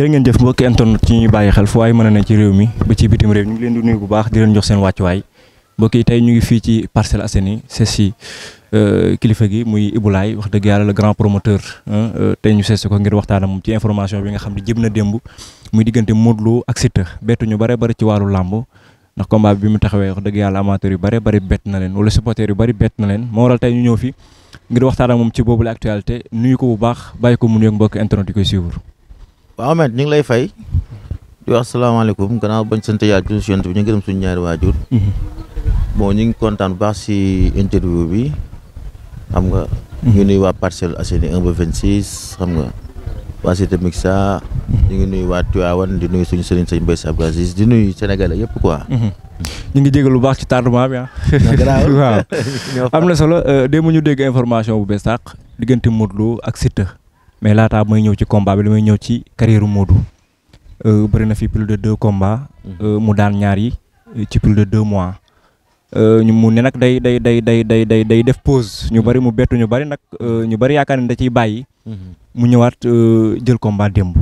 jërë ngeen jëf mbokki internet ci ñuy bàyyi xel fu waay mën a ne ci réew mi ba ci bitim réew ñu ngi leen di nuyu bu baax di leen jox seen wàccuwaay mbokk yi tey ñu ngi fii ci Parcelles Assainies sees si euh, kilifa gi muy Ibou wax dëgg yàlla le grand promoteur euh, tey ñu sees ko ngir waxtaan ak moom ci information bi nga xam ne jëm na démb muy diggante Modou Lo ak Siteu bettu ñu bare bari ci wàllu làmb ndax combat bi mu taxawee wax dëgg yàlla amateur yu bëri bëri bett na leen wala supporter yu bëri bett na leen moo waral ñu ñëw fi ngir waxtaan ak ci nuyu ko bu baax bàyyi ko mu nuyoog mbokk internet koy suivre. lay fay di wax salaamaaleykum gannaaw bañ sant yàlla ci suñu bi ñu gërëm suñu ñaari waajur. Mhm. bon ñu ngi kontaan baax si interview bi xam nga. ñu mhm. nuyu waa Parcelles Assainies 1 26 xam nga Cité Mixa ñu ngi nuyu waa Tivaouane di nuyu suñu di nuyu Sénégalais yëpp quoi. Mhm. ñu ngi jégalu lu baax ci tardement bi ah. am na solo euh, démb ñu dégg information bu bees tàq diggante Modou Lo ak Siteu mais laataa may ñëw ci combat bi li may ñëw ci carrière Modou euh, bëri na fi plus de deux combats. Mhm. Euh, mu daan ñaar yi ci plus de deux mois. ñu mu ne nag day day day day day day day def pause ñu bari mu bettu ñu bari nag ñu bari yaakaar ne da ciy bàyyi. mu ñëwaat euh, jël combat démb.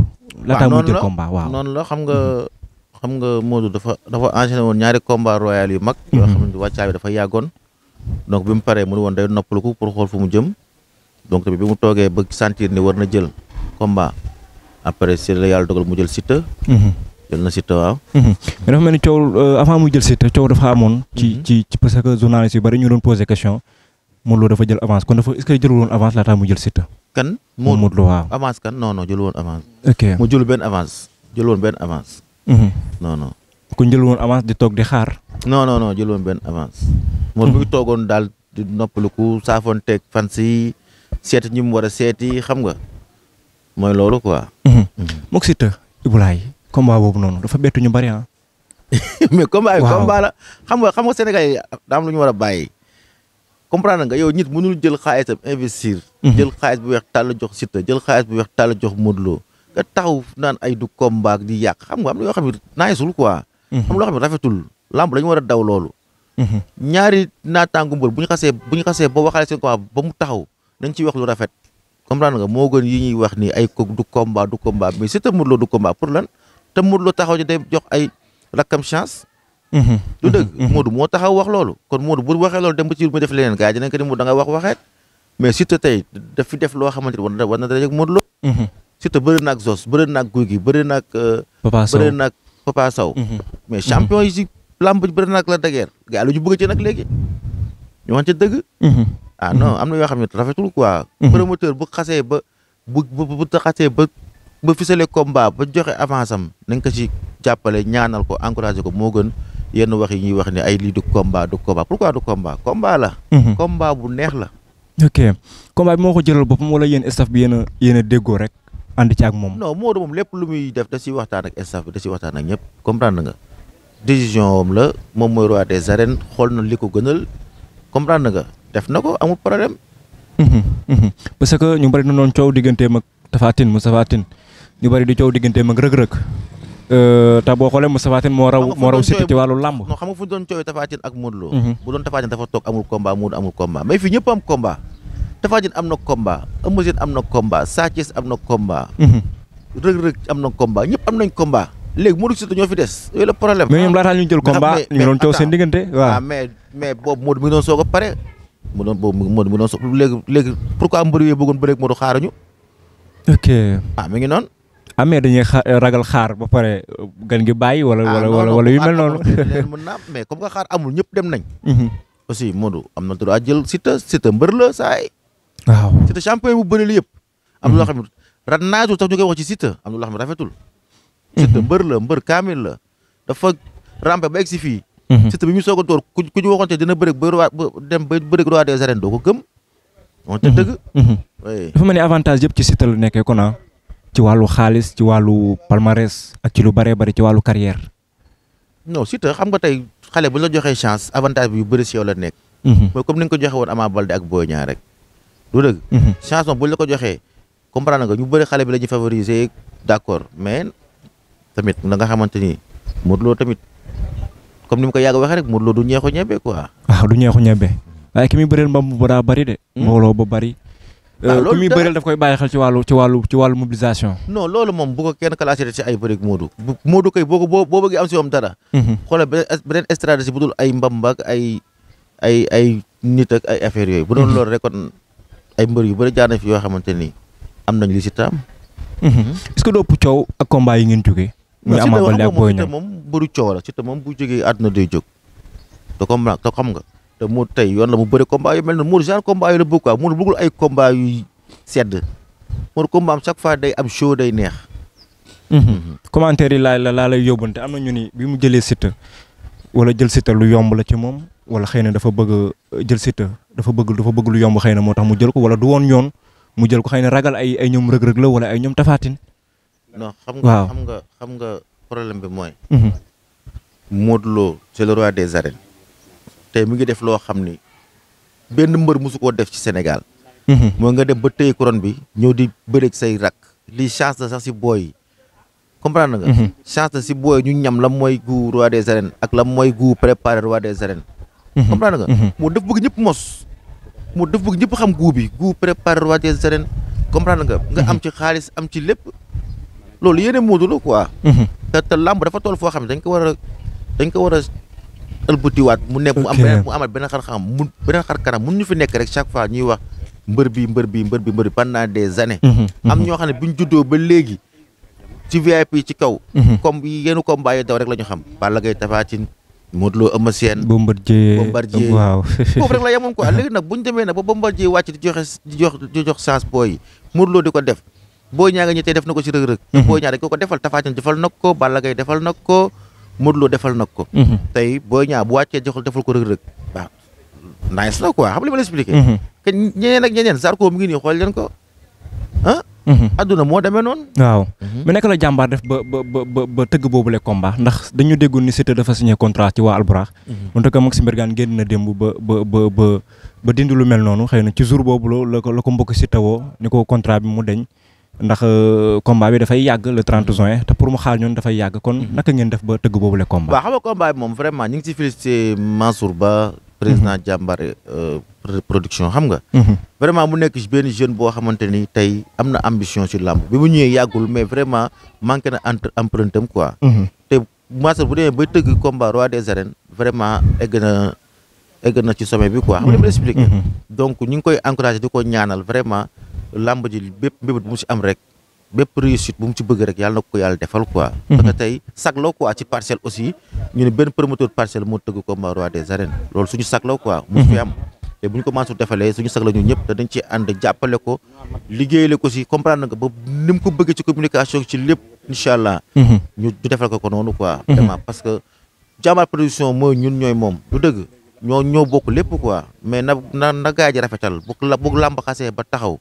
laataa mu jël combat waaw noonu la xam nga. Mhm. xam nga Modou dafa dafa enchaîné woon ñaari combat royal yu mag. Mhm. yoo xam ne dafa yàggoon. donc bi mu paree mu ne woon day pour xool fu mu jëm. donc tamit bi mu toogee ba sentir ni war na jël combat après si yàlla dogal mu jël Siteu. Mhm. jël na Siteu waaw. mais dafa mel ni coow euh, avant mu jël Siteu coow dafa amoon. ci ci parce que journaliste ñu doon posé question Modou Lô dafa jël avance kon dafa est que jëlul avance laataa mu jël Siteu. kan. Modou Lo waaw avance kan no no jël woon avance. ok mu jël benn avance jël woon benn avance. Mhm. jël woon di toog di xaar. non non non jël woon benn avance. Modou bu ñu mhm. toogoon daal di noppaliku saafoon teg fan si seeti ñi mu war a seeti xam nga mooy loolu quoi. Mhm. moog Siteu Ibulaay combat boobu noonu dafa bettu ñu bari ah. mais combat bi xam nga Sénégal yi daam ñu war a bàyyi. comprendre nga yow nit mënul jël xaalisam investir. Mhm. jël xaalis bu weex tàll jox Siteu jël xaalis bu weex tàll jox Modou Lo nga taxaw naan ay du combat di yàq xam nga am na yoo naa ne naayisul quoi. Mhm. am loo xam ne rafetul lamb dañu war a daw loolu. Mhm. ñaari naataangu mbër bu ñu xasee bu ñu xasee ba waxaale seen combat ba mu taxaw nañ ciy wax lu rafet. comprendre nga moo gën yi ñuy wax ni ay ko du combat du combat mais Siteu Modou Lo du combat pour lan te Modou Lo taxaw ñu day jox ay rakkam chance. Mm-hmm. du dëgg mm-hmm. Modou moo taxaw wax loolu kon Modou bu waxee loolu dem ba ci mu def leneen gars yi dinañ ko ni Modou da nga wax waxeet mais surtout tey daf def loo xamante ni war na dajeeg Modou Lo mm-hmm. surtout bëri na ak Zos bëri na ak Guy gi bëri na ak euh, bëri na ak Papa mais champion yi si lamb bëri na ak la dageer gars yi lu ñu bëgg ci nag léegi ñu wax ci dëgg ah non am na yoo xam ne rafetul quoi promoteur bu xasee ba bu bu xasee ba ba fisalee combat ba joxe avance am nañ ko si jàppale ñaanal ko encouragé ko moo gën yenn wax yi ñuy wax ne ay lii du combat du combat pourquoi du combat combat la. Mhm. combat bu neex la. ok combat bi moo ko jëlal boppam wala yéen staff bi yéen a a déggoo rek ànd ci ak moom. non Modou moom lépp lu muy def da ciy waxtaan ak staff bi da ciy waxtaan ak ñëpp comprendre nga la moom mooy roi des arènes xool na li ko gënal comprendre nga def na ko amul problème. Mhm, mhm. parce que ñu bari na noonu coow digganteem ak Tapha Tine Moustapha ñu bari di coow digganteem ak Reug Reug. Euh, te boo xoolee Moustapha Tine moo raw moo raw site ci wàllu làmb doon coowee mhm. dafa toog amul combat Modou amul combat mais fii ñëpp am combat Tapha am na combat Eumeu am na combat Sa Thiès am na combat mhm. Reug Reug am na combat ñëpp am nañ combat léegi Modou Siteu ñoo fi des yooyu la problème mais ñoom laataa ñu jël combat ñu doon coow seen diggante waaw ah, mais mais boobu Modou a pare mu doon boobu Modou mi ngi doon soog léegi léegi pourquoi mbër yooyu bëggoon bëreeg Modou ok ah, amee dañuy eh, ragal xaar ba pare gan gi bàyyi. wala ah, wala wala yu mel noonu. mën na mais comme que xaar amul ah, ñëpp dem nañ. aussi Modou am na droit jël Siteu Siteu mbër la saay. waaw Siteu champion bu bëri la yëpp. am na loo xam ne rat naajul tax ñu koy wax ci Siteu am na loo xam ne rafetul. Siteu mbër la mbër kaamil la dafa rampe ba egg si fii. bi ñu soog door ku ñu waxoon te dina bëri dem ba bëri roi des arènes doo ko gëm. on te dëgg. dafa mel avantage yëpp ci Siteu la nekkee ya, kon ci wàllu xaalis ci wàllu palmarès ak ci lu bëree bëri ci wàllu carrière non surtout xam nga tey xale bu la joxee chance avantage bi yu bëri si yow la nekk mhm. mooy comme ni nga ko joxe woon Ama Baldé ak Boy Niang rek du dëgg mhm. chance moom buñ la ko joxee comprendre nga ñu bëri xale bi la ñuy favoriser d'accord mais tamit na nga xamante ni Modou Lo tamit comme ni mu ko yàgg waxee rek Modou du ñeexu ñebe quoi waaw ah, du ñeexu ñebe mhm. waaye ki muy mbam bu daa de hmm? mbooloo ba bëri Euh, ku muy bëreel daf koy bàyyi xel ci wàllu ci wàllu ci wàllu mobilisation. no loolu moom bu ko kenn classé ci ay bëri Modou. bu Modou kay boo ko boo bëggee am si moom dara. Mhm. xoolal beneen beneen stratégie bu dul ay mbambak ay ay ay nit ak ay affaire yooyu. bu doon mhm. loolu rek kon ay mbër yu bëri jaar fi yoo xamante ni am nañ ñu si taam. Mhm. est-ce que doopu coow ak combat yi ngeen jógee. muy Ama Baldé ak Boy Niang moom bëru coow la surtout moom bu jógee àdduna day jóg. te comme xam nga. te Modou tey yoon la mu bëri combat mel noonu Modou genre combat yu la bëgg quoi Modou bëggul ay combat yu sedd Modou combat am chaque fois day am show day neex. Mhm. commentaire yi laay la laa lay am na ñu ni bi mu jëlee Siteu wala jël Siteu lu yomb la ci moom wala xëy na dafa bëgg euh, jël Siteu dafa bëgg dafa bëgg lu yomb xëy na moo tax mu jël ko wala du woon yoon mu jël ko xëy na ragal ay ay ñoom rëg-rëg la wala ay ñoom tafaatin. non xam nga xam nga xam nga problème bi mooy. Mhm. Modou des arènes. tey mi ngi def loo xam ni benn mbër mosu koo def ci Sénégal. Mhm. moo nga dem ba tëye couronne bi ñëw di bëreeg say rak. lii chance la sax si booy comprendre nga. Mhm. chance la si booy ñu ñam la mooy gu roi de arènes ak la mooy gu préparé roi des arènes. Mhm. comprendre nga. moo def bëgg ñëpp mos. moo def bëgg ñëpp xam gu bi gu préparé roi des arènes comprendre nga. nga am ci xaalis am ci lépp. loolu yéene Modou la quoi. te te làmb dafa toll foo xam ne dañ ko war ëlbatiwaat mu nekk mu am mu beneen xar xam mu beneen xar kanam mun ñu nekk rek chaque fois ñuy mbër bi mbër bi mbër bi mbër bi pendant mhm, mhm. am ñoo xam ne buñ juddoo ba léegi ci VIP ci kaw mhm. comme yenn combat yi daw rek la ñu xam Balla Gaye Tapha Tine Modou Lo Eumeu Sène Bombardier Bombardier waaw foofu rek la ba Bombardier wàcc di joxe di jox di jox chance booy yi Modou Lo di ko def booy ñaa nga ñettee def na ko ci rëg-rëg booy ñaa dañ ko defal Tapha defal na ko defal na Modou defal nag ko. Mhm. tey boo Niang bu wàccee joxul defal ko rëg-rëg. waaw nice na quoi xam li ma la expliqué. Mhm. que ñeneen ak ñeneen Zarko mu ngi nii xool leen ko ah. Mhm. adduna moo demee noonu. waaw mais naka la jàmbaar def ba ba ba ba tëgg boobule combat ndax dañu déggoon ni Siteu dafa signé contrat ci waa Alburax. en tout cas Maxime Bergane génn na démb ba ba ba ba ba dindi lu mel noonu xëy na ci jour boobu la ko la ko mbokk Siteu woo ni ko contrat bi mu deñ ndax euh, combat bi dafay yàgg le 30 juin pour mu xaar ñoon dafay yàgg kon mhm. naka ngeen def ba tëgg boobule combat. waaw xam nga combat bi moom vraiment ñu ngi ci félicité Mansour Ba. président mhm. jàmbare euh, production xam nga. Mhm. vraiment mu nekk benn jeune boo xamante ni tey am na ambition ci làmb bi mu ñëwee yàggul mais vraiment manqué na entre empreinte am quoi. te Mansour bu demee bay tëgg combat roi des arènes vraiment egg na egg na ci sommet bi quoi. xam nga expliqué. donc ñu ngi koy encouragé di ko ñaanal vraiment làmb ji bépp mbébét bu mu si am rek. bépp réussite bu mu bëgg rek yàlla na ko yàlla defal quoi. Mhm. parce que tey ci parcelle aussi ñu ne benn promoteur parcelle moo tëgg combat roi des arènes loolu suñu sagloo quoi. Mhm. mu fi am te bu ñu commencé defalee suñu sagloo ñun ñëpp dañ ci ànd jàppale ko liggéeyale ko si comprendre nga ba ni mu ko bëggee ci communication ci lépp incha allah. Mhm. ñu defal ko ko noonu quoi. vraiment parce que jàmbaar production mooy ñun ñooy moom du dëgg. ñoo ñoo bokk lépp quoi mais na na na gaa ji rafetal bu la bu làmb xasee ba taxaw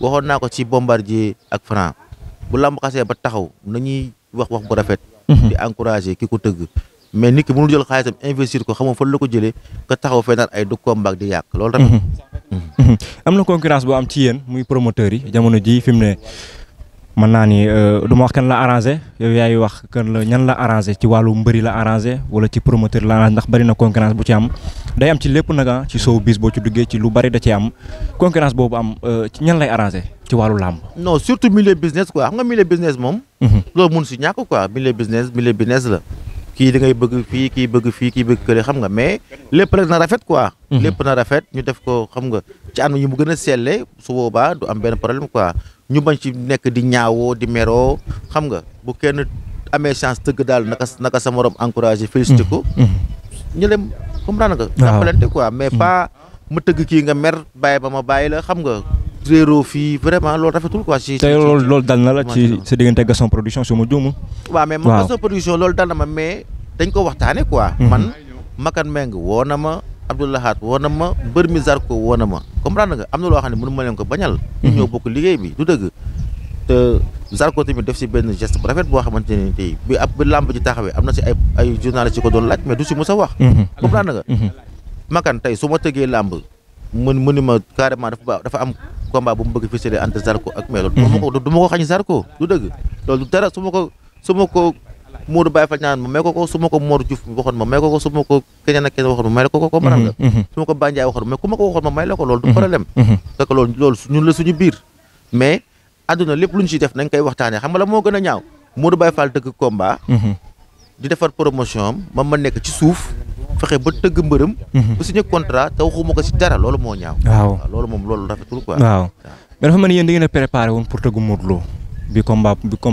waxoon naa ko ci bombardier ak franc bu làmb xasee ba taxaw nañuy wax wax bu rafet. Mhm. di encourager ki ko tëgg. mais nit ki mënul jël xaalisam investir ko xamoo fan la ko jëlee ka taxaw fee naan ay du combat di yàq loolu tamit. Mhm. Mhm. am na concurrence boo am ci yéen muy promoteur yi jamono ji fi mu ne mën naa ni euh, du ma wax kan la arrangé yow yaay wax kan la ñan la arrangé ci wàllu mbëri la arrangé wala ci promoteur la arrangé ndax bari na concurrence bu ci am. day am ci lépp nag ah ci showbiz boo ci duggee ci lu bari da cee am concurrence boobu am euh, ci ñan lay arrangé ci wàllu làmb. non surtout milieu business quoi xam nga milieu business mhm. la. kii da bëgg fii kii bëgg fii kii bëgg kële xam nga mais lépp rek na rafet quoi. Mhm. lépp na rafet ñu def ko xam nga ci anam yi mu gën a selle su boobaa du am benn problème quoi ñu bañ ci nekk di ñaawoo di meroo xam nga bu kenn amee chance tëgg daal naka naka sa morom encouragé félicité ko. Mhm. comme comprendre nga. waaw ah. jàppalante quoi mais hmm. pas ma tëgg kii nga mer bàyyi ba ma bàyyi la xam nga. réeroo fii vraiment loolu rafetul quoi. ci ci na la ci sa diggante Gaston production su ma juumul. waaw mais man Gaston production loolu dal na ma mais dañ ko waxtaanee quoi. Hmm. man Makan Meng woo na ma Abdoulahat woo na ma mbër mi Zarko woo na ma comprendre nga am na loo xam ne mënu ma leen ko bañal. ñu hmm. ñoo bokk liggéey bi du dëgg Zarko tamit def si benn geste bu rafet boo xamante ne tey bi ab bi làmb ji taxawee am na si ay ay journaliste yi ko doon laaj mais du si mës a wax. Mhm. comprendre nga. Mhm. Mhm. Makan tey su ma tëggee làmb mën mëni dafa am combat bu mu bëgg fësale entre Zarko ak mais loolu. du ma xañ Zarko du dëgg. loolu dara su ma ko su ma ko ñaan ma may ko ko su ma ko Mor Diouf ma may ko ko su ma ma la ko ko comprendre nga. su ma ko Bandiaye waxoon ma ku ma ko waxoon ma may la loolu du problème. parce loolu ñun la suñu àdduna lépp lu ñu ci def nañ koy waxtaanee xam nga la moo gën a ñaaw Modou Baye Fall tëgg combat. Mhm. di defar promotion am man ma nekk ci suuf fexe ba tëgg mbërëm. Mhm. bu signé contrat te waxuma ko si dara loolu moo ñaaw. waaw loolu moom loolu rafetul quoi. waaw mais dafa mel ni yéen da ngeen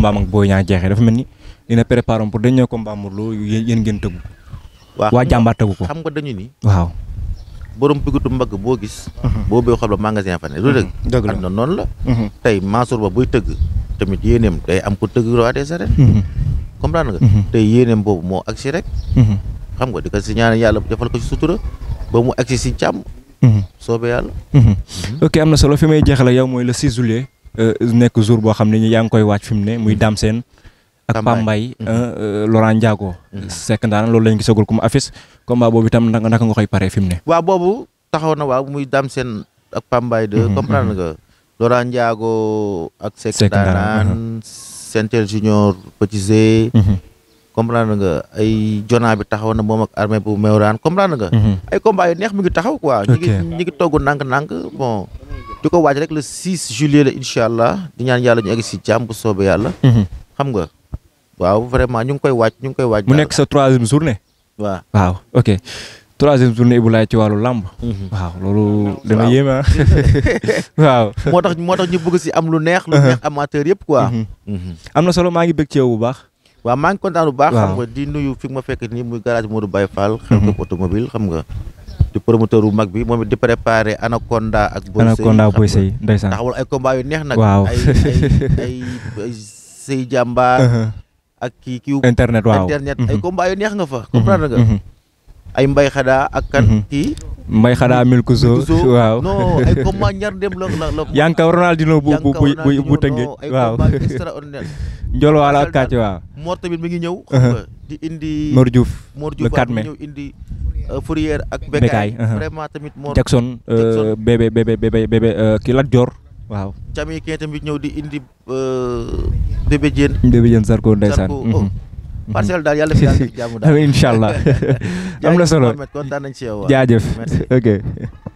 a boo ñaa jeexee dafa mel ni dina préparé woon pour dañ ñëw combat Modou Lo yéen ngeen tëggu. waa jàmbaar tëggu ko xam nga dañu ni waaw. borom pigutu mbagg boo gis. Mhm. boo bee xob la magasin fa ne. du dëgg mhm. dëgg la noonu la. Mhm. tey Mansour Ba buy tëgg tamit yéeneem day am ko tëgg roi des arènes. comprendre nga. tey yéeneem boobu moo agsi rek. xam nga di ko si ñaan yàlla defal ko si sutura ba mu agsi si càmm. soobee yàlla. ok am na solo fi may jeexal yow mooy le 6 juillet euh, nekk jour boo xam ne yaa ngi koy waaj fi mu ne muy Dame Sène ak Pambay euh, mhm. euh, Laurent Ndiago mhm. Seck ndaan loolu lañ gisagul comme affiche combat boobu itam naka nga koy paree fi mu ne waaw boobu taxaw na waa muy Dame Sène ak Pambay de mhm. comprendre nga Laurent Ndiago ak Seck ndaan Sentel Junior Petit Z comprendre nga ay jona bi taxaw na moom ak armée bu Mewraan comprendre nga ay combat neex mi ngi taxaw quoi ñi ngi ñi ngi togg ndànk-ndànk bon di waaj rek le 6 la incha allah di ñaan yàlla ñu egg si jàmm bu xam nga waaw vraiment ñu ngi koy waaj ñu ngi koy waaj. mu nekk sa troisième journée. waaw waaw ok troisième journée Ibou Laye ci wàllu làmb. Mhm. waaw loolu dana yéeme ah. waaw. moo tax moo tax ñu bëgg si am lu neex. lu uh-huh. neex amateur yëpp quoi. Mhm. Mhm. am na solo maa ngi bëgg ci yow bu baax. waaw maa ngi kontaan bu baax. xam nga di nuyu fi ma fekk nii muy garage Modou Baye Fall. xel ko automobile xam nga. di promoteur bu mag bi moom it di préparer Anaconda ak. Boy Sey Anaconda yu neex nag. waaw ay ay Sey jàmbaar. Uh-huh. ak kii kiiw internet waaw ay mhm. neex nga fa comprendre mhm. mbay xadaa ak kan mhm. kii mbay xadaa milkuso waaw non ay bu bu bu bu ak kàcc waaw Mor tamit mi ngi ñëw uh-huh. xam nga di indi Mor Diouf Mor euh, ak Bekaay uh-huh. tamit Mor Jackson euh, bébé bébé bébé bébé euh, ki Lat Dior waaw Camille Kane tamit ñëw di indi euh, bébé Diène bébé Diène Zarko ndeysaan oh. mhm. parcelle daal yàlla fi daal jàmm allah am na solo kontaan nañ ci jaajëf ok